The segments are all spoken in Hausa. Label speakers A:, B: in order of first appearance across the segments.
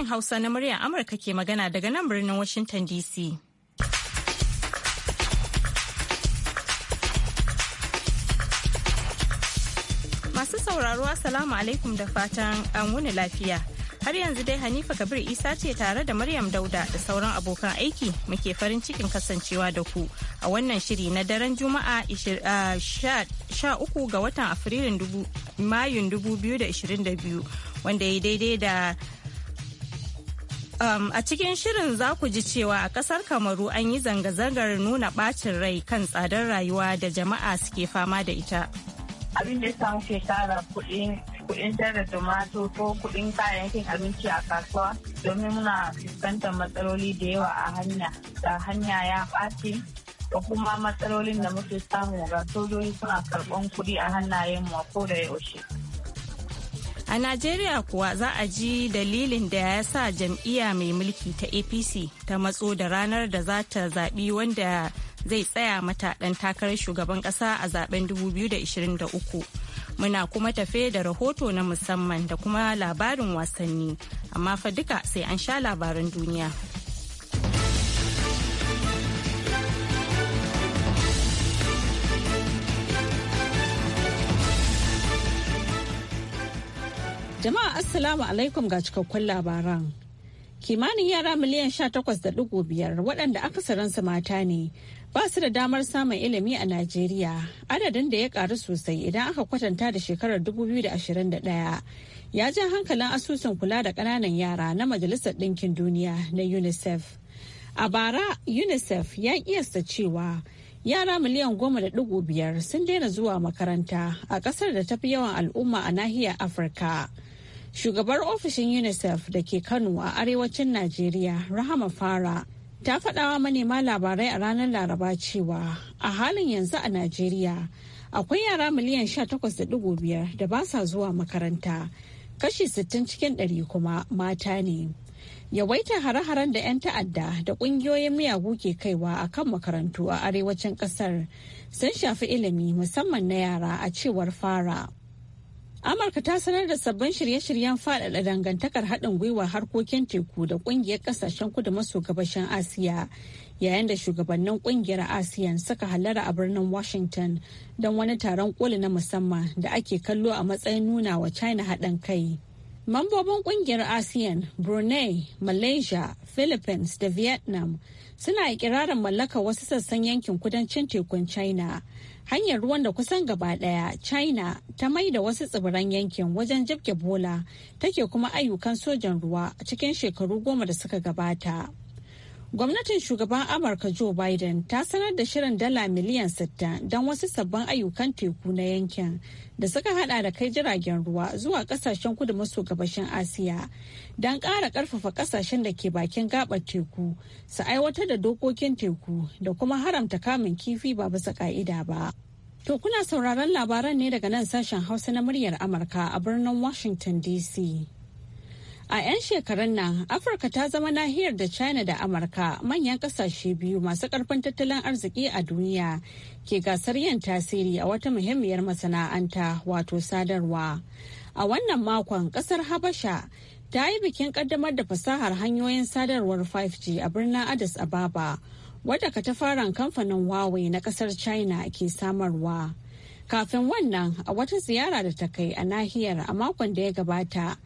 A: sashen Hausa na muryar Amurka ke magana daga nan birnin Washington DC. Masu sauraro Assalamu alaikum da fatan an wuni lafiya. Har yanzu dai Hanifa Kabir Isa ce tare da Maryam Dauda da sauran abokan aiki muke farin cikin kasancewa da ku a wannan shiri na daren Juma'a 13 ga watan Afrilun Mayun 2022 wanda ya daidai da Um, a cikin shirin za ku ji cewa a kasar Kamaru an yi zanga-zangar nuna bacin rai kan tsadar rayuwa da jama'a suke fama da ita. Abin da ya muke tara kuɗin kuɗin da tomato ko kuɗin kayayyakin abinci a kasuwa domin muna fuskantar matsaloli da yawa a hanya. Da hanya ya ɓaci da kuma matsalolin da muke samu ga sojoji suna karɓan kuɗi a hannayen mu ko da yaushe. A Najeriya kuwa za a ji dalilin da ya sa jam'iyya mai mulki ta APC ta matso da ranar da za ta zaɓi wanda zai tsaya mata ɗan takarar shugaban ƙasa a zaben 2023. Muna kuma tafe da rahoto na musamman da kuma labarin wasanni, amma fa duka sai an sha labaran duniya.
B: Jama'a Assalamu alaikum ga cikakkun labaran. Kimanin yara miliyan da biyar waɗanda akasaransu mata ne ba su da damar samun ilimi a Najeriya. Adadin da ya ƙaru sosai idan aka kwatanta da shekarar da da ɗaya ya ji hankalin asusun kula da ƙananan yara na Majalisar Ɗinkin Duniya na UNICEF. A bara UNICEF ya kiyasta cewa yara miliyan goma da ɗigo biyar sun daina zuwa makaranta a ƙasar da tafi yawan al'umma a nahiyar Afirka. Shugabar ofishin UNICEF da ke Kano a arewacin Najeriya, Rahama Fara, ta faɗawa manema labarai a ranar Laraba cewa a halin yanzu a Najeriya akwai yara miliyan 18.5 da ba sa zuwa makaranta, kashi 60 cikin 100 kuma mata ne. Yawaitar hare-haren da 'yan ta'adda da ƙungiyoyin miyagu ke kaiwa a kan makarantu a arewacin ƙasar sun shafi ilimi musamman na yara a cewar fara. Amurka ta sanar da sabbin shirye-shiryen faɗaɗa dangantakar haɗin gwiwa harkokin teku da ƙungiyar ƙasashen kudu maso gabashin Asiya yayin da shugabannin ƙungiyar ASEAN suka halara a birnin Washington don wani taron ƙoli na musamman da ake kallo a matsayin nuna wa China haɗin kai. Mambobin ƙungiyar ASEAN, Brunei, Malaysia, Philippines da Vietnam suna ikirarin mallaka wasu sassan yankin kudancin tekun China. hanyar ruwan da kusan gaba daya china ta mai da wasu tsibiran yankin wajen jibge bola take kuma ayyukan sojan ruwa a cikin shekaru goma da suka gabata Gwamnatin shugaban Amurka Joe Biden ta sanar da shirin dala miliyan 60 don wasu sabbin ayyukan teku na yankin da suka hada da kai jiragen ruwa zuwa kasashen kudu maso gabashin Asiya don kara karfafa kasashen da ke bakin gabar teku su aiwatar da dokokin teku da kuma haramta kamun kifi ba bisa ka'ida ba. To kuna sauraron labaran ne daga nan sashen Hausa na muryar Amurka a birnin Washington DC. A 'yan shekarun nan, Afirka ta zama nahiyar da China da Amurka manyan kasashe biyu masu karfin tattalin arziki a duniya ke gasar yin tasiri a wata muhimmiyar masana'anta wato sadarwa. A wannan makon kasar Habasha ta yi bikin kaddamar da fasahar hanyoyin sadarwar 5G a birnin Addis Ababa, wadda katafaren kamfanin Huawei na kasar China ke samarwa. Kafin wannan a wata ziyara da ta kai a nahiyar a makon da ya gabata.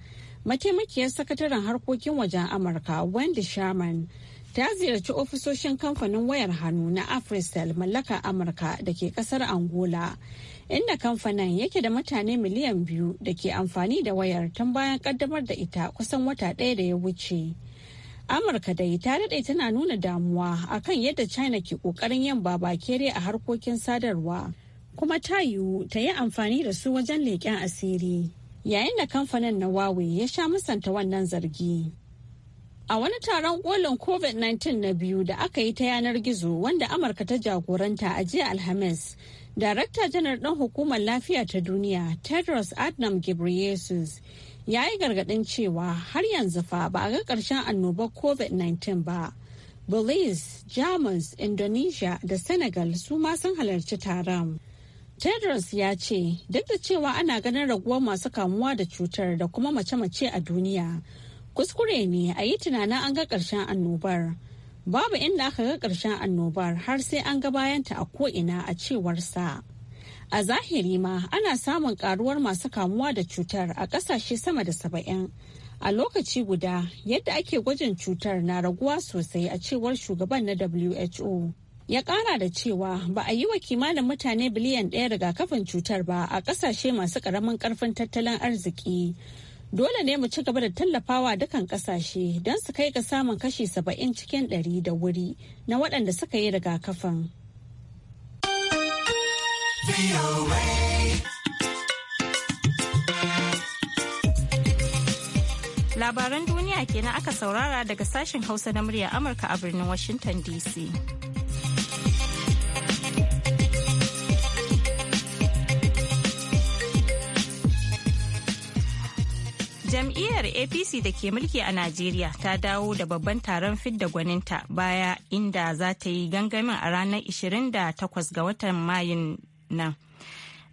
B: mataimakiyar sakataren harkokin wajen amurka wendy sherman ta ziyarci ofisoshin kamfanin wayar hannu na afristel mallakar amurka da ke kasar angola inda kamfanin yake da mutane miliyan biyu da ke amfani da wayar tun bayan kaddamar da ita kusan wata ɗaya da ya wuce amurka da ita daɗe tana nuna damuwa akan yadda china ke ƙoƙarin yin babakere a harkokin sadarwa kuma ta yiwu ta yi amfani da su wajen leƙen asiri yayin da kamfanin na Huawei ya sha musanta wannan zargi. A wani taron kolin COVID-19 na biyu da aka yi ta yanar gizo wanda Amurka ta jagoranta a jiya Alhamis, Darakta janar ɗan hukumar lafiya ta duniya Tedros Adnam Ghebreyesus ya yi gargaɗin cewa har yanzu fa ba a ga ƙarshen annobar COVID-19 ba. Belize, germans Indonesia da Senegal su ma sun halarci taron. Tedros ya ce duk da cewa ana ganin raguwar masu kamuwa da cutar da kuma mace-mace a duniya kuskure ne a yi tunanin an ga ƙarshen annobar. Babu inda aka ga ƙarshen annobar har sai an ga bayanta a ko'ina a cewar sa A zahiri ma ana samun karuwar masu kamuwa da cutar a ƙasashe sama da saba'in. A lokaci guda yadda ake gwajin cutar na raguwa sosai a cewar shugaban na WHO. ya kara da cewa ba a yi wa kimanin mutane biliyan ɗaya rigakafin cutar ba a ƙasashe masu ƙaramin ƙarfin tattalin arziki dole ne mu ci gaba da tallafawa dukan ƙasashe don su kai ga samun kashi saba'in cikin ɗari da wuri na waɗanda suka yi rigakafin.
A: Labaran duniya kenan aka saurara daga sashen Hausa na murya Amurka a birnin Washington DC. jam'iyyar apc da ke mulki a najeriya ta dawo da babban taron fidda gwaninta baya inda za ta yi gangamin a ranar 28 ga watan mayun nan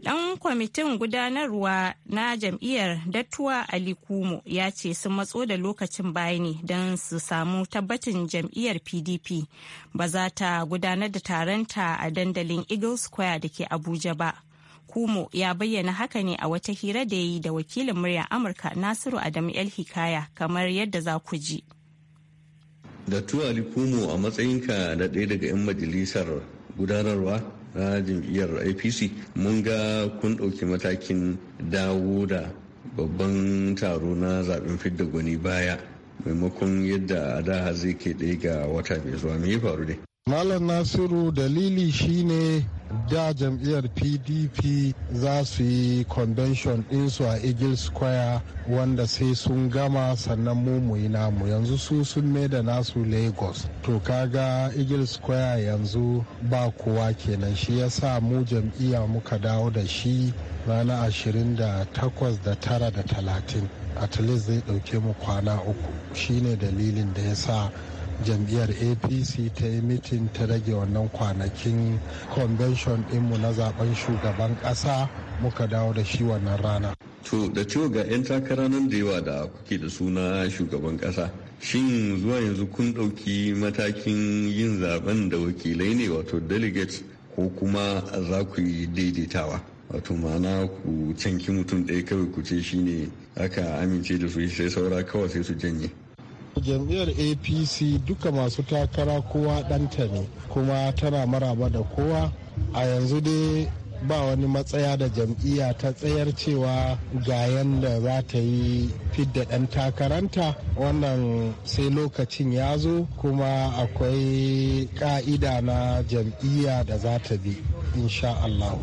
A: dan kwamitin gudanarwa na jam'iyyar dattuwa ali kumo ya ce sun matso da lokacin baya ne don su samu tabbacin jam'iyyar pdp ba za ta gudanar da taronta a dandalin eagle square da ke abuja ba Kumo ya bayyana haka ne a wata hira da ya yi da wakilin muryar Amurka Nasiru Adamu El Hikaya kamar yadda za ku ji.
C: Da ali Kumo a matsayinka na ɗaya daga 'yan majalisar gudanarwa na jam'iyyar APC mun ga kun ɗauki matakin dawo da babban taro na zaɓen fidda gwani baya maimakon yadda a da zai ke ɗaya ga wata mai zuwa mai faru ne.
D: Malam Nasiru dalili shine da jam'iyyar pdp za su yi convention ɗinsu a eagle square wanda sai sun gama sannan mu muyi yi namu yanzu su sun mai da nasu lagos to kaga eagle square yanzu ba kowa kenan shi sa mu jam'iyya muka dawo da shi rana ashirin da takwas da talatin at least zai ɗauke mu kwana uku shine dalilin da ya sa jam'iyyar apc ta yi mitin ta rage wannan kwanakin convention dinmu na zaben shugaban ƙasa muka dawo da shi wannan rana
C: to da cewa ga 'yan takara nan da yawa da kuke da suna shugaban kasa shin zuwa yanzu kun ɗauki matakin yin zaben da wakilai ne wato delegate ko kuma za ku yi daidaitawa wato ma'ana ku canki mutum ɗaya kawai ku ce shine aka amince da su sai saura kawai sai su janye
D: jam'iyyar apc duka masu takara kowa ɗanta ne kuma tana maraba da kowa a yanzu dai ba wani matsaya da jam'iyya ta tsayar cewa ga yadda za ta yi fidda ɗan takaranta wannan sai lokacin ya zo kuma akwai ƙa'ida na jam'iyya da za ta bi insha Allah.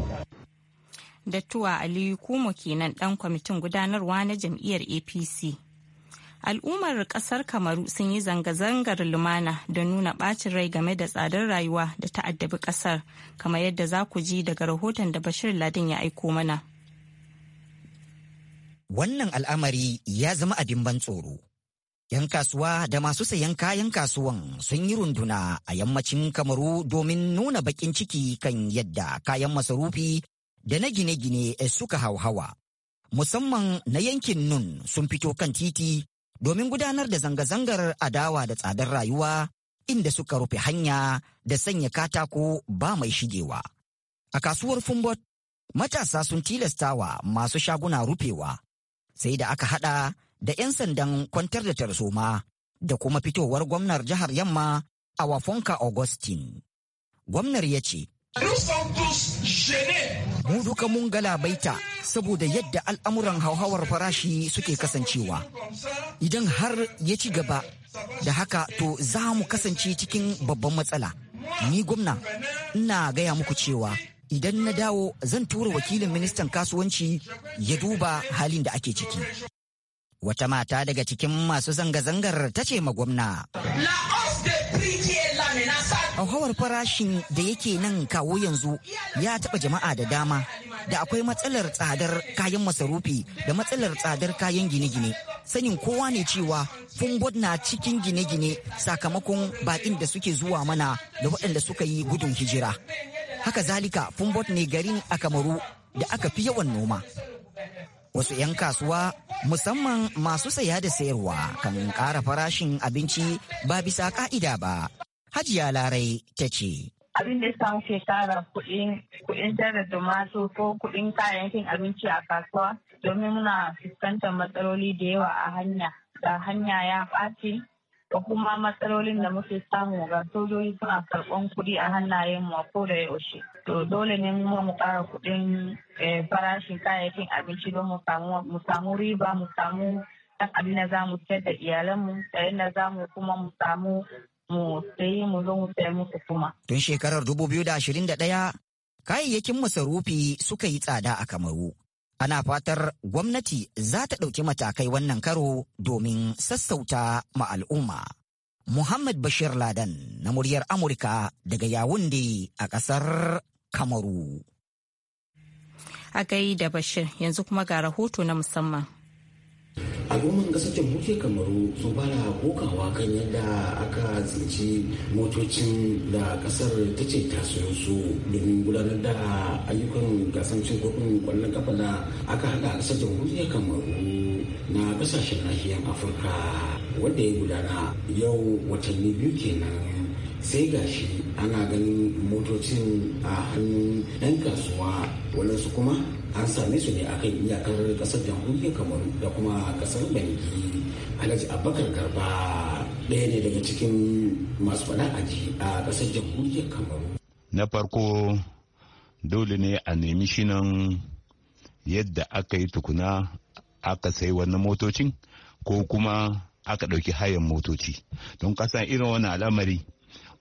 A: Dattuwa Aliyu kuma kenan ɗan kwamitin gudanarwa na jam'iyyar APC. al'ummar kasar kamaru sun yi zanga-zangar lumana da nuna bacin rai game da tsadar rayuwa da ta'addabi kasar kamar yadda za ku ji daga rahoton da bashir ladin ya aiko
E: mana wannan al'amari ya zama abin ban tsoro yan kasuwa da masu sayan kayan kasuwan sun yi runduna a yammacin kamaru domin nuna bakin ciki kan yadda kayan masarufi da na gine-gine suka hauhawa musamman na yankin nun sun fito kan titi domin gudanar da zanga-zangar adawa da tsadar rayuwa inda suka rufe hanya da sanya katako ba mai shigewa. A kasuwar Fumbot, matasa sun tilastawa masu shaguna rufewa, sai da aka hada da 'yan sandan kwantar da tarsoma da kuma fitowar gwamnar jihar Yamma a Wafonka Augustine. Gwamnar ya ce, mu duka mun galabaita saboda yadda al'amuran hauhawar farashi suke kasancewa idan har ya ci gaba da haka to za mu kasance cikin babban matsala ni gwamna ina gaya muku cewa idan na dawo zan tura wakilin ministan kasuwanci ya duba halin da ake ciki wata mata daga cikin masu zanga-zangar ta ce ma gwamna hauhawar farashin da yake nan kawo yanzu ya taɓa jama'a da dama da akwai matsalar tsadar kayan masarufi da matsalar tsadar kayan gine-gine sanin kowa ne cewa funbod na cikin gine-gine sakamakon baƙin da suke zuwa mana da waɗanda suka yi gudun hijira haka zalika funbod ne garin a kamaru da aka fi yawan noma wasu 'yan kasuwa musamman masu saya da sayarwa kan ƙara farashin abinci ba bisa ƙa'ida ba Hajiya Larai ta ce.
A: Abin da samu ke kara kuɗin tare da masu ko kuɗin kayayyakin abinci a kasuwa domin muna fuskantar matsaloli da yawa a hanya. Da hanya ya ɓaci da kuma matsalolin da muke samu ga sojoji suna karɓan kuɗi a hannayen mu ko da yaushe. To dole ne mu mu ƙara kuɗin eh, farashin kayayyakin abinci don mu samu riba mu samu abin da za mu ciyar da iyalanmu da yadda za mu kuma mu samu mu sai mu zo mu sayar
E: kuma. Tun shekarar 2021 kayayyakin masarufi suka yi tsada a Kamaru. Ana fatar gwamnati za ta ɗauki matakai wannan karo domin sassauta ma al'umma. Muhammad Bashir Ladan na muryar Amurka daga Yawunde a ƙasar Kamaru. A
A: gai da Bashir yanzu kuma ga rahoto na musamman.
F: al'umman kasar jamhuriyar kamaru sun fara kokawa kan yadda aka tsinci motocin da kasar ta ce ta su domin gudanar da ayyukan gasan cin kofin kwallon kafa da aka hada kasar jamhuriyar kamaru na kasashen nahiyar afirka wanda ya gudana yau watanni biyu kenan sai gashi ana ganin motocin a hannun 'yan kasuwa wadansu kuma an same su ne a kan iyakar kasar jamhuriyar kamaru da kuma kasar bangi alhaji abubakar garba ɗaya ne daga cikin masu faɗa aji a kasar
C: jamhuriyar kamaru na farko dole ne a nemi shinan yadda aka yi tukuna aka sai wannan motocin ko kuma aka ɗauki hayan motoci don kasan irin wani al'amari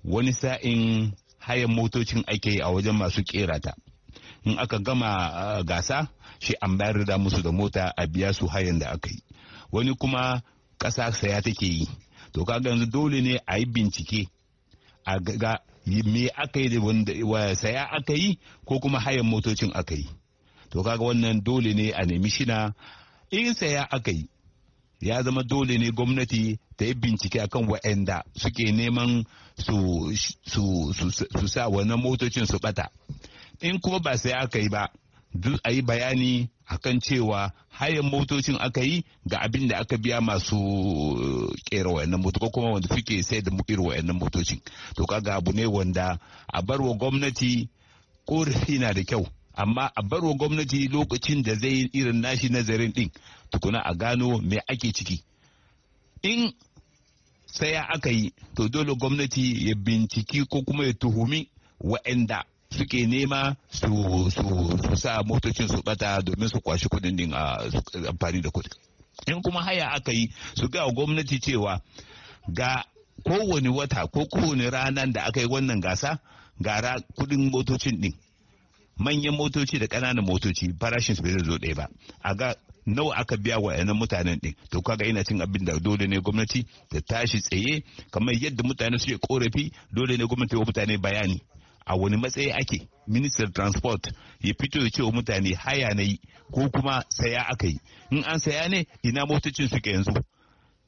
C: wani sa'in hayan motocin ake yi a wajen masu ƙerata in aka gama gasa shi an bayar da musu da mota a biya su hayan da aka yi wani kuma ƙasa saya take yi to kaga yanzu dole ne a yi bincike a ga me aka yi da saya aka yi ko kuma hayan motocin aka yi to kaga wannan dole ne a nemi shina in saya aka yi ya zama dole ne gwamnati ta yi bincike akan waɗanda suke neman su sa wannan motocin su bata in kuma ba sai aka yi ba duk a yi bayani akan cewa hayan motocin aka yi ga abin da aka biya masu eh, kera wayannan motocin kuma wanda suke sai da irin wayannan motocin to kaga abu ne wanda a barwa gwamnati korafi na da kyau amma a barwa gwamnati lokacin da zai irin nashi nazarin din tukuna a gano me ake ciki in saya aka yi to dole gwamnati ya binciki ko kuma ya tuhumi wa'anda suke nema su su sa motocin su bata domin su kwashi kudin din a amfani da kudi in kuma haya aka yi su ga gwamnati cewa ga kowane wata ko kowane ranar da aka yi wannan gasa gara kudin motocin din manyan motoci da ƙananan motoci farashin su bai zo ɗaya ba a ga nawa aka biya wa yanan mutanen ɗin to kaga ina cin abin da dole ne gwamnati ta tashi tsaye kamar yadda mutane suke korafi dole ne gwamnati wa mutane bayani a wani matsayi ake minister transport ya fito ya ce wa mutane haya na yi ko kuma saya aka yi in an saya ne ina motocin suke yanzu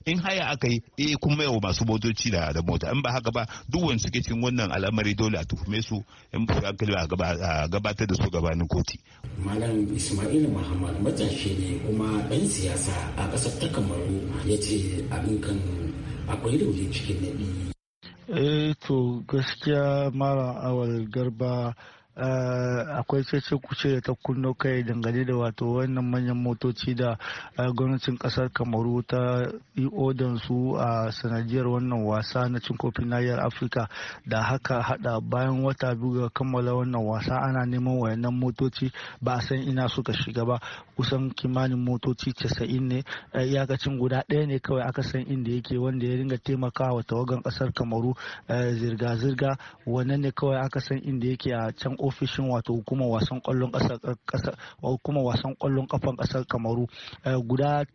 C: in haya aka yi eh kun wa masu motoci da da mota in ba haka ba duk wani suke cikin wannan al'amari dole a tuhume su in ba haka a gabatar da su gabanin koti
F: malam ismail muhammad matashi ne kuma dan siyasa a kasar ta kamaru ya ce abin kan akwai rauni cikin nabi
G: eh to gaskiya mara awal garba Eh, akwai cece kuce da ta kunno kai dangane da wato wannan manyan motoci da eh, gwamnatin kasar kamaru ta yi odan su a sanadiyar wannan wasa na cin kofin nahiyar afirka da haka hada bayan wata biyu ga kammala wannan wasa ana neman wayannan motoci ba a san ina suka shiga ba kusan kimanin motoci 90 ne eh, iyakacin guda ɗaya ne kawai aka san inda yake wanda ya ringa taimakawa tawagan kasar kamaru zirga-zirga wannan ne kawai aka san inda yake a can ofishin wato hukumar wasan kwallon kafan kasar kamaru eh, guda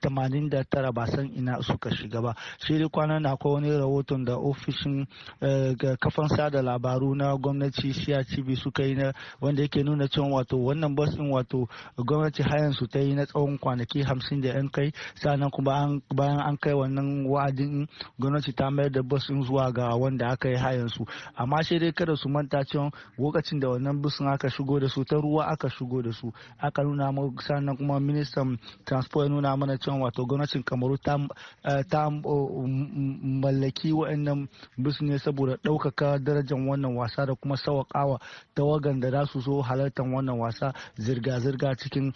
G: tamanin da tara ba san ina suka shiga ba shi dai kwanan na akwai wani rahoton da ofishin eh, kafan sada labaru na gwamnati crtv suka yi na wanda yake nuna cewa wato wannan bus din wato gwamnati hayan su ta yi na tsawon kwanaki hamsin da yan kai sannan kuma bayan an kai wannan wa'adin gwamnati ta mayar da bus din zuwa ga wanda aka yi hayan su amma shi dai kada su manta cewa lokacin da wannan bus aka shigo da su ta ruwa aka shigo da su aka nuna sannan kuma ministan transport nuna mana cewa can wato gwamnatin kamaru ta eh, mm, mm, mallaki wa'annan bis ne saboda ɗaukaka darajar wannan wasa da kuma sawakawa tawagan da za su so halartar wannan wasa zirga-zirga cikin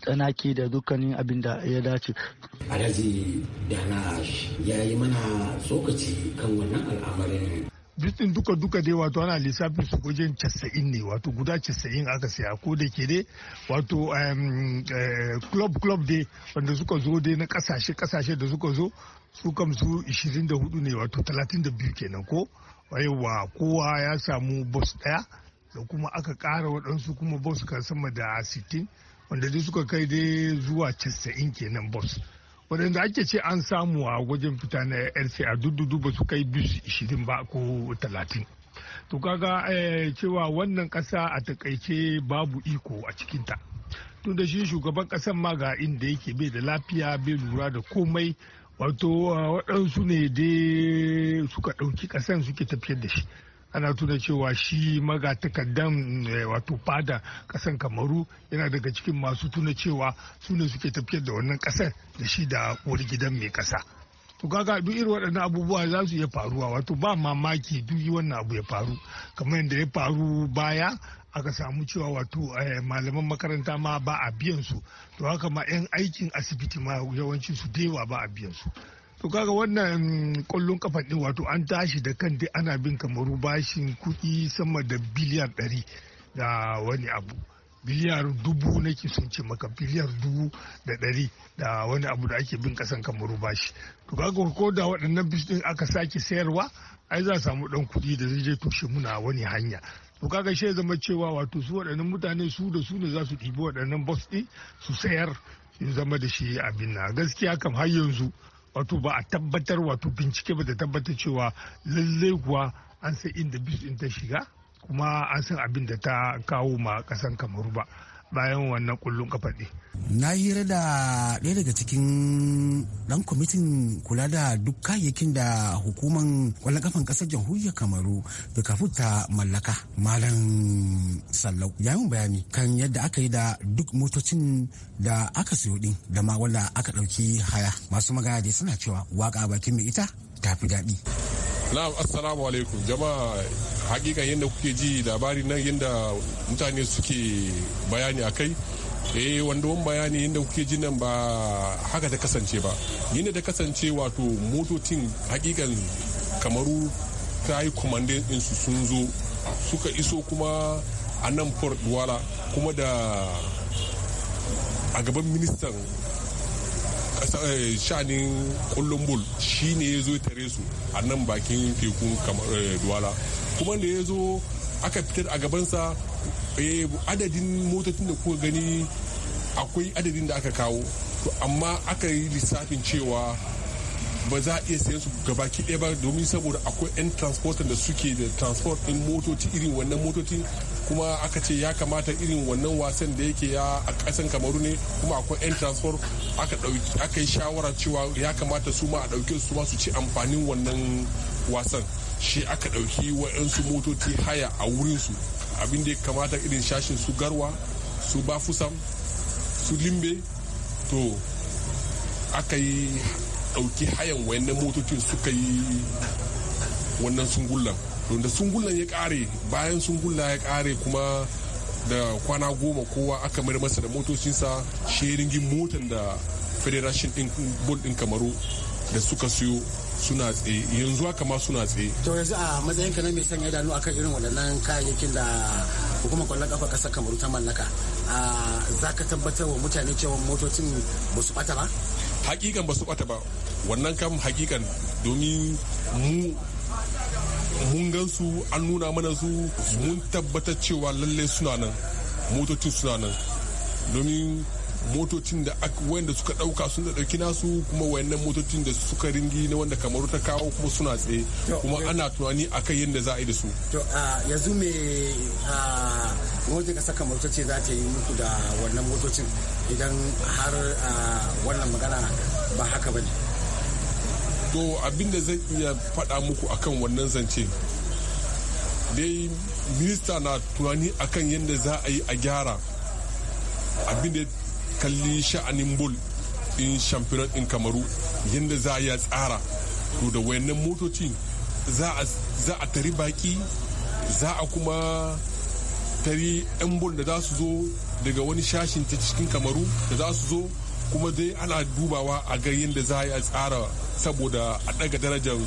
G: tsanaki da dukkanin abin da ya dace.
F: Alhaji dana ya yi mana tsokaci kan wannan al'amarin
H: bitin duka duka dai wato ana lissafin su wajen casa'in ne wato guda casa'in aka siya ko da ke dai wato eh, club club dai wanda suka zo dai na kasashe kasashe da suka zo su kam su 24 ne wato 32 kenan ko yawa kowa ya samu bus daya da kuma aka kara waɗansu kuma bus kan sama da 60 wanda dai suka kai dai zuwa 90 kenan bus waɗanda ake ce an samu a wajen fita na rca dududu ba su kai bis ishirin ba ko talatin to kaga eh, cewa wannan ƙasa a takaice babu iko a cikinta tun da shi shugaban ƙasan ma ga inda yake bai da lafiya bai lura da komai wato waɗansu ne dai suka ɗauki ƙasan suke tafiyar da shi ana tuna cewa shi magatakardan eh, wato fada kasan kamaru yana daga cikin masu tuna cewa su ne suke tafiyar da wannan kasar da shi da uwar gidan mai kasa to kaga duk irin waɗannan abubuwa za su iya faruwa wato ba mamaki duk wannan abu ya faru kamar yadda ya faru baya aka samu cewa wato eh, malaman makaranta ma ba a biyan su to haka ma 'yan aikin asibiti ma yawancin su dewa ba a biyan su to kaga wannan kwallon kafa din wato an tashi da kan dai ana bin kamaru bashin kuɗi sama da biliyar ɗari da wani abu biliyar dubu nake sun ce maka biliyar dubu da ɗari da wani abu da ake bin ƙasan kamaru bashi to kaga ko da waɗannan din aka sake sayarwa ai za a samu ɗan kuɗi da zai je toshe muna wani hanya to kaga shi zama cewa wato su waɗannan mutane su da su ne za su ɗibi waɗannan bos ɗin su sayar su zama da shi abin na gaskiya kam har yanzu wato ba a tabbatar wato bincike ba da tabbatar cewa lallai kuwa an san inda bis ta shiga kuma an san abin da ta kawo ma kasan kamaru ba bayan wannan kullun kafaɗe.
F: na hira da ɗaya daga cikin ɗan kwamitin kula da duk kayayyakin da hukuman kwallon kafan ƙasar jamhuriyar kamaru da kafu ta mallaka malam sallau ya yi bayani kan yadda aka yi da duk motocin da aka siyo ɗin da ma wanda aka ɗauki haya masu magana da suna cewa waka bakin mai ita ta fi daɗi.
I: na'am assalamu alaikum jama'a hakika yadda kuke ji labari nan yadda mutane suke bayani a kai eh wanda wani bayani yadda kuke ji nan ba haka ta kasance ba yadda ta kasance wato motocin hakikan kamaru ta yi din su sun zo suka iso kuma a nan port duwala kuma da a gaban ministan Eh, shanin kullum bul shi ne ya zo tare su a nan bakin tekun eh, duwala kuma da ya zo aka fitar a gabansa eh, adadin motocin da kuka gani akwai adadin da aka kawo to amma aka yi lissafin cewa ba za a iya sayan su ga gabaki ɗaya ba domin saboda akwai 'yan transporter da suke da transport ɗin motoci irin wannan motoci kuma aka ce ya kamata irin wannan wasan da yake ya a kasan kamaru ne kuma akwai 'yan transfer aka yi shawara cewa ya kamata su ma a ɗauke su ma su ci amfanin wannan wasan shi aka ɗauki wa'yansu motoci haya a wurinsu abin da ya kamata irin shashin su garwa su bafusam su limbe to aka yi ɗauki hayan wayannan motocin suka yi wannan sungullan da sungullan ya kare bayan sungulla ya kare kuma da kwana goma kowa aka mayar masa da motocinsa sheringin motan da federation din bull din kamaru da suka siyo suna tsaye yanzu haka ma suna tsaye
F: to yanzu a matsayin ka na mai sanya idanu akan irin waɗannan kayayyakin da hukumar kwallon kafa ƙasar kamaru ta mallaka
I: za ka tabbatar wa mutane cewa motocin ba su bata ba hakikan ba su bata ba wannan kam hakikan domin mu mun gan su an nuna mana su mun tabbatar cewa lalle suna nan motocin suna nan domin motocin da wanda suka dauka sun da dauki nasu kuma wayannan motocin da suka ringi na wanda kamaru ta kawo kuma suna tsaye kuma ana tunani akan yadda za a yi da su
F: to yanzu me wajen kasa kamaru ta ce za ta yi muku da
I: wannan motocin idan har wannan magana ba haka ba ne to abinda zai iya faɗa muku akan wannan zance dai minista na tunani akan yadda za a yi a gyara abinda kalli sha'anin bol in shamfiran in kamaru yadda za a a tsara to da wayannan motoci za a tari baki za a kuma tari yan bol da za su zo daga wani shashin ta cikin kamaru da za su zo kuma dai ana dubawa a ga yadda za a yi tsara saboda a daga darajar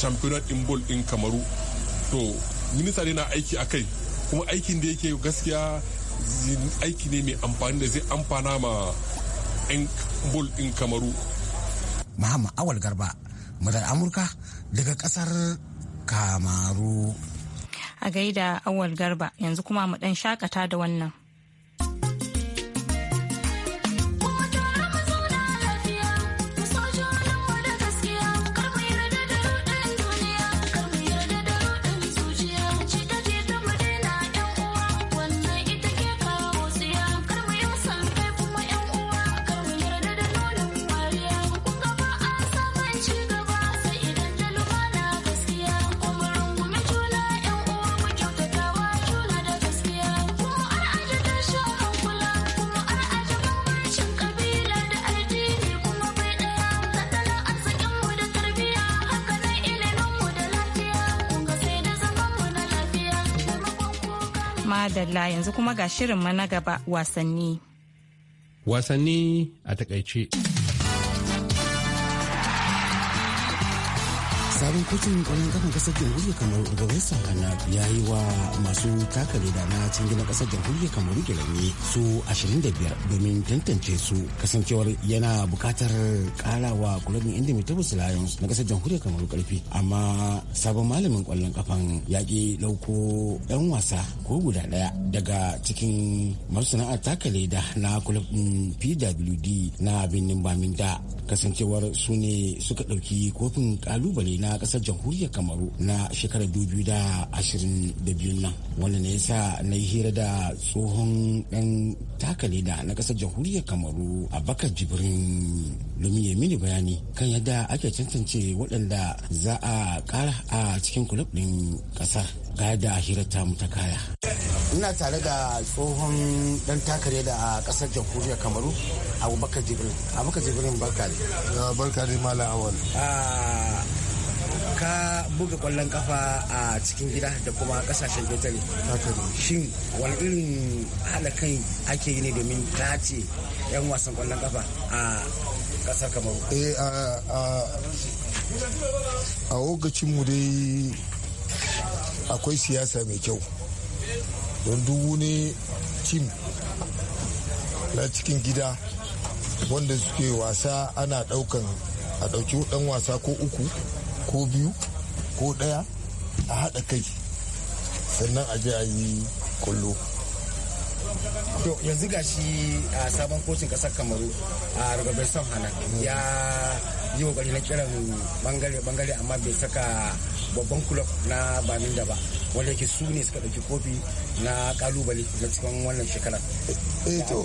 I: championnat in ball din kamaru to minista ne na aiki a kai kuma aikin da yake gaskiya aiki ne mai amfani da zai amfana ma 'yan bol din kamaru muhammad
F: awal garba madar amurka daga kasar kamaru
A: a gaida awal garba yanzu kuma mu dan shakata da wannan madalla yanzu kuma ga shirin na gaba wasanni.
D: Wasanni a takaice.
F: sabon kotun kwallon kafan kasar jamhuriyar kamaru ugoben sankana ya yi wa masu taka leda na cin gina kasar jamhuriyar kamaru gelami su 25 domin tantance su kasancewar yana bukatar karawa kulabin indomitable lions na kasar jamhuriyar kamaru karfi amma sabon malamin kwallon kafan ya ki lauko yan wasa ko guda daya daga cikin masu sana'ar taka leda na kulabin pwd na birnin baminda kasancewar su ne suka ɗauki kofin kalubale na na kasar jamhuriyar kamaru na shekarar biyu nan wanda ne yasa na yi hira da tsohon dan da na kasar jamhuriyar kamaru abakar jibrin domin ya mini bayani kan yadda ake tantance waɗanda za a ƙara a cikin kulub ɗin ƙasar ga da hirar mu ta kaya ina tare da tsohon dan takare da a kasar jamhuriyar kamaru abubakar jibrin abubakar jibrin barka ne barka ne malam awal ah, ka buga kwallon kafa a cikin gida da kuma kasashen ƙetare shin wani irin hada kai ake yi ne domin tace 'yan wasan kwallon kafa a kasar kamar. Eh,
J: a lokacinmu dai akwai siyasa mai kyau don duk ne tim na cikin gida wanda suke wasa ana daukan a ɗauki dan wasa ko uku ko biyu ko ɗaya a haɗa kai sannan a je a yi kullo to yanzu ga
F: shi a sabon kocin ƙasar kamaru a rugabar son hana ya yi wa na kiran bangare amma bai saka babban kulob na bamin da ba wanda yake su ne suka ɗauki kofi na kalubale na cikin wannan shekarar eh, to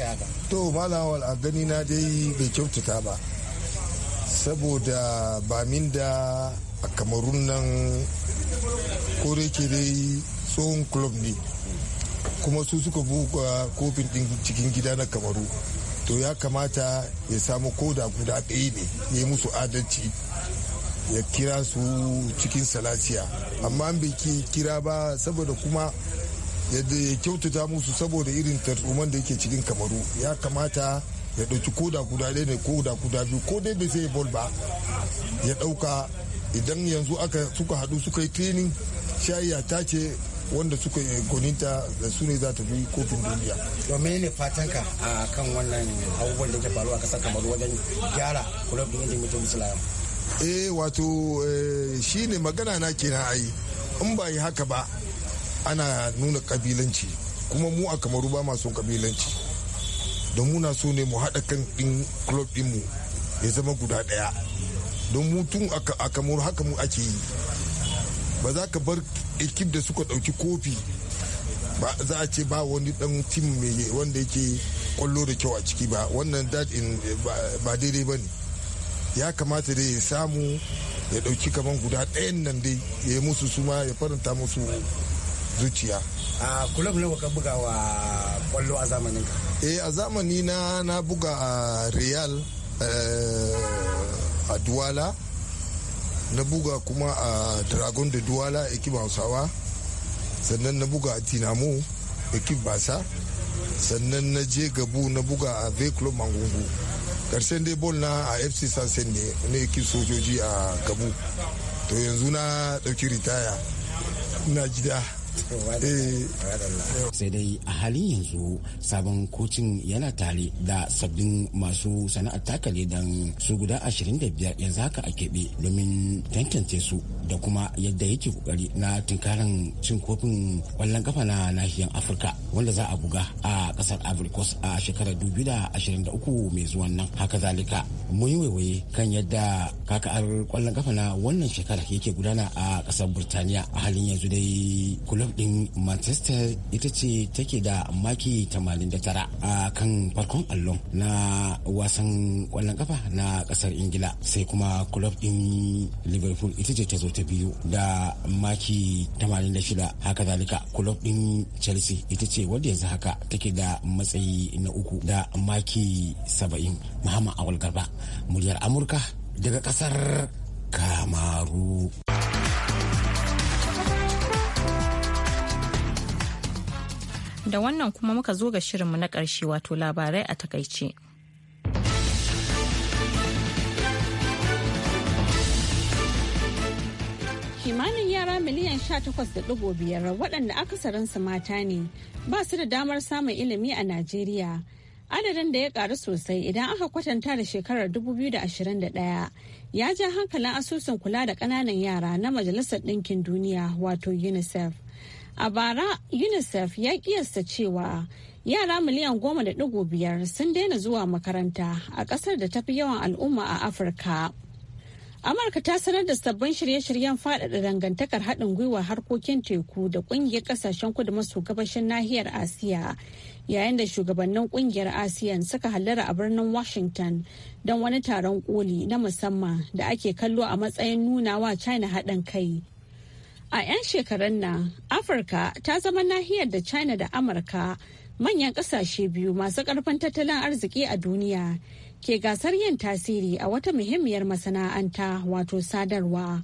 J: to a gani na dai bai kyautata ba saboda ba min da a kamarun nan kore dai tsohon kulob ne kuma su suka buga kofin din cikin gida na kamaru to ya kamata ya samu koda guda ɗaya ne ya yi musu adalci ya kira su cikin salasiya amma an bai kira ba saboda kuma yadda ya kyautata musu saboda irin tarzoman da yake cikin kamaru ya kamata ya ɗauki ko da guda ɗaya ne ko da guda biyu ko dai bai sai bol ba ya ɗauka idan yanzu aka suka haɗu suka yi training shayiya ta ce wanda suka goninta da su ne za ta bi kofin duniya. domin ne fatanka
F: a kan wannan abubuwan da ke faru a kasar kamaru wajen gyara kulob din yadda mutum musulayam.
J: eh wato eh, shi ne magana na kenan ayi in ba yi haka ba ana nuna kabilanci kuma mu a kamaru ba masu kabilanci don muna so ne mu haɗa kan ɗin club mu ya zama guda ɗaya don mutum a kamar haka mu ake yi ba za ka bar ekip da suka ɗauki kofi ba za a ce ba wani ɗan tim mai wanda yake kwallo da kyau a ciki ba wannan daɗin ba daidai ba ne ya kamata da ya samu ya ɗauki kamar guda ɗayan nan dai ya yi musu suma ya faranta musu zuciya a kulob nawa ka buga wa kwallo a zamanin ka eh a zamani na na buga a real eh, a duwala na buga kuma a dragon da duwala ekip hausawa sannan na buga a tinamo ekip basa sannan na je gabu na buga a v club mangungu karshen dai bol na a fc sansen ne na ekip sojoji a gabu to yanzu na dauki ritaya na gida
F: Eh. sai dai a halin yanzu sabon kocin yana tare da sabbin masu sana'ar takale don su guda 25 yanzu haka a keɓe domin tantance su da kuma yadda yake kokari na tunkarin cin kofin kwallon kafa na nahiyar afirka wanda za a buga a ƙasar Coast a shekarar 2023 mai zuwan nan haka zalika mun yi waiwaye kan yadda kaka'ar ƙwallon kafa na wannan shekarar yake gudana a ƙasar burtaniya a halin yanzu dai kula club din manchester ita ce take da maki 89 a kan farkon allon na wasan kwallon kafa na kasar ingila sai kuma club din liverpool ita ce ta zo ta biyu da maki 86 haka zalika club din chelsea ita ce wadda yanzu haka take da matsayi na uku da maki 70 muhammad awal garba muryar amurka daga kasar kamaru.
A: Da wannan kuma muka zo ga shirinmu na ƙarshe wato labarai a takaice. kimanin yara miliyan 18.5
B: waɗanda akasarinsu mata ne ba su da damar samun ilimi a Najeriya. Adadin da ya ƙaru sosai idan aka kwatanta da shekarar 2021 ya ja hankalin asusun kula da ƙananan yara na Majalisar Ɗinkin Duniya wato UNICEF. A bara UNICEF ya kiyasta cewa yara miliyan goma da digo biyar sun daina zuwa makaranta a ƙasar da tafi yawan al'umma a Afirka. Amurka ta sanar da sabbin shirye-shiryen faɗaɗa dangantakar haɗin gwiwa harkokin teku da ƙungiyar ƙasashen kudu maso gabashin nahiyar Asiya yayin da shugabannin ƙungiyar ASEAN suka hallara a birnin Washington don wani taron koli na musamman da ake kallo a matsayin nuna wa China haɗin kai A 'yan shekarun nan, Afirka ta zama nahiyar da China da Amurka manyan ƙasashe biyu masu ƙarfin tattalin arziki a duniya ke gasar yin tasiri a wata muhimmiyar masana'anta wato sadarwa.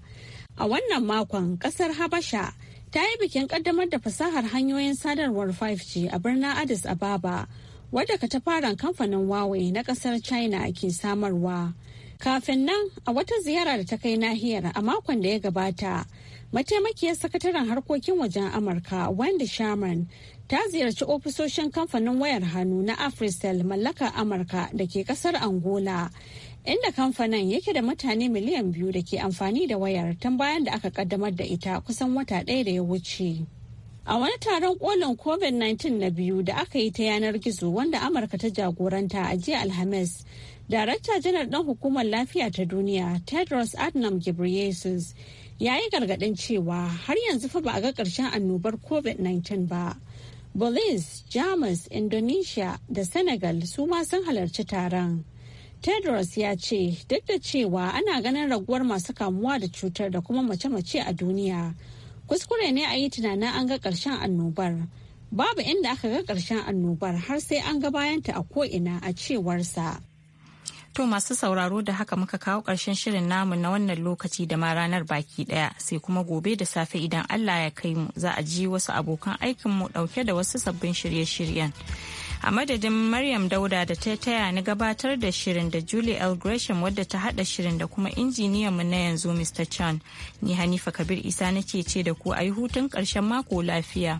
B: A wannan makon, ƙasar Habasha ta yi bikin ƙaddamar da fasahar hanyoyin sadarwar 5G a birnin Addis Ababa, wadda ka ta fara kamfanin Huawei na ƙasar China ke samarwa. Kafin nan, a wata ziyara da ta kai nahiyar a makon da ya gabata, mataimakiyar sakataren harkokin wajen amurka wendy sherman ta ziyarci ofisoshin kamfanin wayar hannu na afrisel mallakar amurka da ke kasar angola inda kamfanin yake da mutane miliyan biyu da ke amfani da wayar tun bayan da aka kaddamar da ita kusan wata ɗaya da ya wuce a wani taron kolin covid-19 na biyu da aka yi ta yanar gizo wanda amurka ta jagoranta a jiya alhamis darakta janar ɗan hukumar lafiya ta duniya tedros adnam ghebreyesus ya yi gargaɗin cewa har yanzu fa ba a ga ƙarshen annobar covid-19 ba. Belize, Jamus, Indonesia da Senegal su ma sun halarci taron. Tedros ya ce duk da cewa ana ganin raguwar masu kamuwa da cutar da kuma mace-mace a duniya. Kuskure ne a yi tunanin an ga ƙarshen annobar. Babu inda aka ga ƙarshen annobar har sai an ga bayanta a ko'ina a cewarsa.
A: To masu sauraro da haka muka kawo ƙarshen shirin namu na wannan lokaci da ma ranar baki ɗaya sai kuma gobe da safe idan Allah ya kai mu za a ji wasu abokan aikinmu ɗauke da wasu sabbin shirye-shiryen. a madadin maryam dauda da ta taya ni gabatar da shirin da julie l gresham wadda ta hada shirin da kuma injiniyan mu na yanzu mr chan ni hanifa kabir isa nake ce da ku a yi hutun ƙarshen mako lafiya.